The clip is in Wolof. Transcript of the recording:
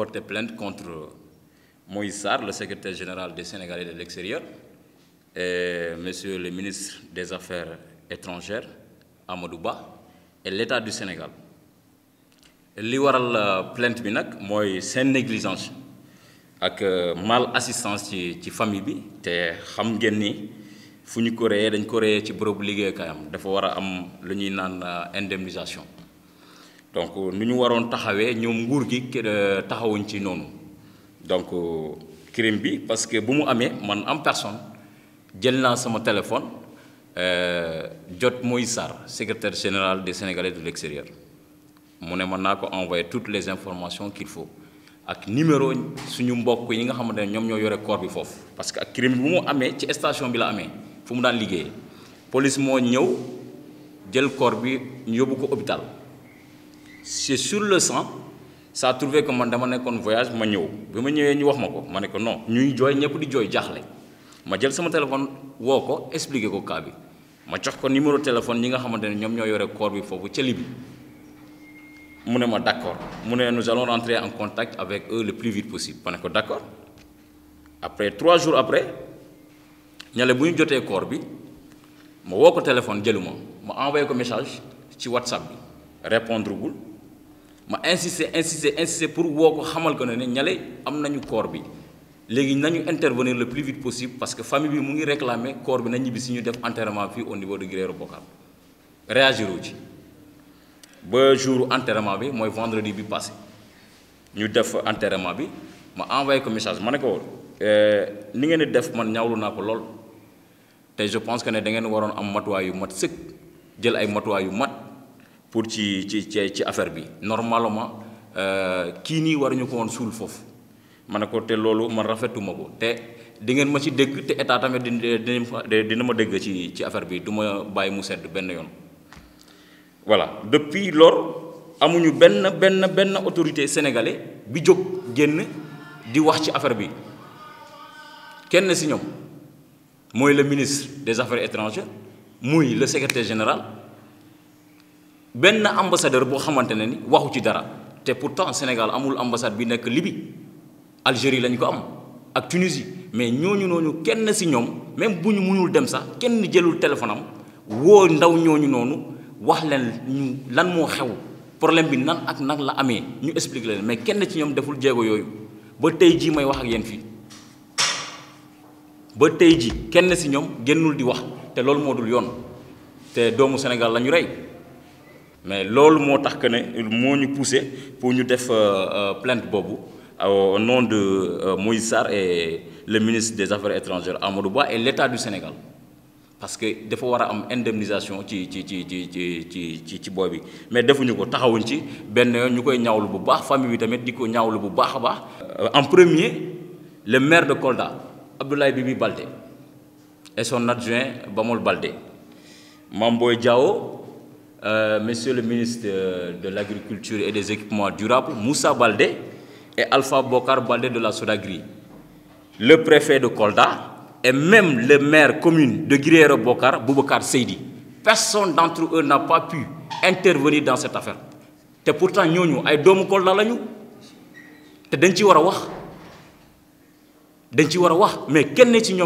porté plainte contre Moïse le secrétaire général des Sénégalais de l'extérieur, et Monsieur le ministre des Affaires étrangères, Amadouba, et l'État du Sénégal. li euh, plainte négligence euh, mal assistance ci famille bi euh, indemnisation donc nous ñu waroon taxawé ñom nguur gi euh, taxawuñ ci non. donc euh, crime bi parce que bu mu man am personne jël na sama téléphone euh, jot Moïse Sarr secrétaire général des Sénégalais de l'extérieur mu ne mën ko envoyer toutes les informations qu'il faut ak numéro suñu mbokk yi nga xamante ñom ñoom ñoo yore corps bi foofu. parce que ak crime bi bu mu amee ci station bi la amé fu mu daan liggéeyee police mo ñëw jël corps bi ñu ko hôpital c'est sur le sang ça a trouvé que dama voyage ma ñëw bima ma ñu wax mako mané ko non ñuy joy ñëpp di joy jaxlé ma jël sama téléphone woo ko expliqué ko ka bi ma jox ko numéro téléphone ñi nga xamante ñom ñoom ñoo corps bi fofu ci libi mu ma d'accord mu ne nous allons rentrer en contact avec eux le plus vite possible mané ko d'accord après trois jours après ñalé bu ñu jotee corps bi ma woo ko téléphone jëluma ma envoyé ko message ci WhatsApp bi répondre gul ma insisté insisté insisté pour woo ko xamal ko ne ne ñale am nañu corps bi léegi nañu intervenir le plus vite possible parce que famille bi mu ngi réclamer corps bi na ñibbi si ñu def enterrement fii au niveau de Guérero Bokal réagir ci ba jour enterrement bi mooy vendredi bi passé ñu def enterrement bi ma envoyé ko message ma ne ko eh, ni ngeen di def man ñawlu naa ko lool te je pense que ne da ngeen waroon am matuwaay yu mat sëkk jël ay matuwaay yu mat. pour ci ci ci affaire bi normalement euh, kii nii waruñu ko woon suul foofu ma ne ko te loolu man rafetuma ko te di ngeen ma ci dégg te état tamit di dina ma dégg ci ci affaire bi duma bàyyi mu sedd benn yoon voilà depuis lors amuñu benn benn benn autorité sénégalais bi jóg génn di wax ci affaire bi kenn si ñoom mooy le ministre des affaires étrangères muy le secrétaire général benn ambassadeur boo xamante ne ni waxu ci dara te pourtant Sénégal amul ambassade bi nekk Libye Algérie lañ ko am ak Tunisie mais ñooñu noonu kenn si ñoom même bu ñu mënul dem sax kenn jëlul téléphone am woo ndaw ñooñu noonu wax leen lan moo xew problème bi nan ak nan la amee ñu explique leen mais kenn ci ñoom deful jéego yooyu ba tey jii may wax ak yéen fii ba tey ji kenn si ñoom génnul di wax te loolu moo dul yoon te doomu Sénégal la ñu rey mais loolu moo tax que ne moo poussé pour ñu def euh, euh, plainte boobu euh, au nom de Moïse Sarr et le ministre des affaires étrangères Amadou Ba et l'État du Sénégal parce que dafa war a am indemnisation ci ci ci ci ci ci ci booy bi mais defuñu ko taxawuñ ci benn yoon ñu koy ñaawlu bu baax famille bi tamit di ko ñaawlu bu baax a baax. en premier le maire de Kolda Abdoulaye Bibi Baldé et son adjoint Bamol Baldé Mame Boye Diao. Euh, monsieur le ministre euh, de l'Agriculture et des Équipements Durables, Moussa Balde et Alpha Bokar Balde de la Sodagri, le préfet de Kolda, et même le maire commune de Griero Bokar, Boubacar Seydi. Personne d'entre eux n'a pas pu intervenir dans cette affaire. Et pourtant, nous sommes des Kolda. Nous mais quest ci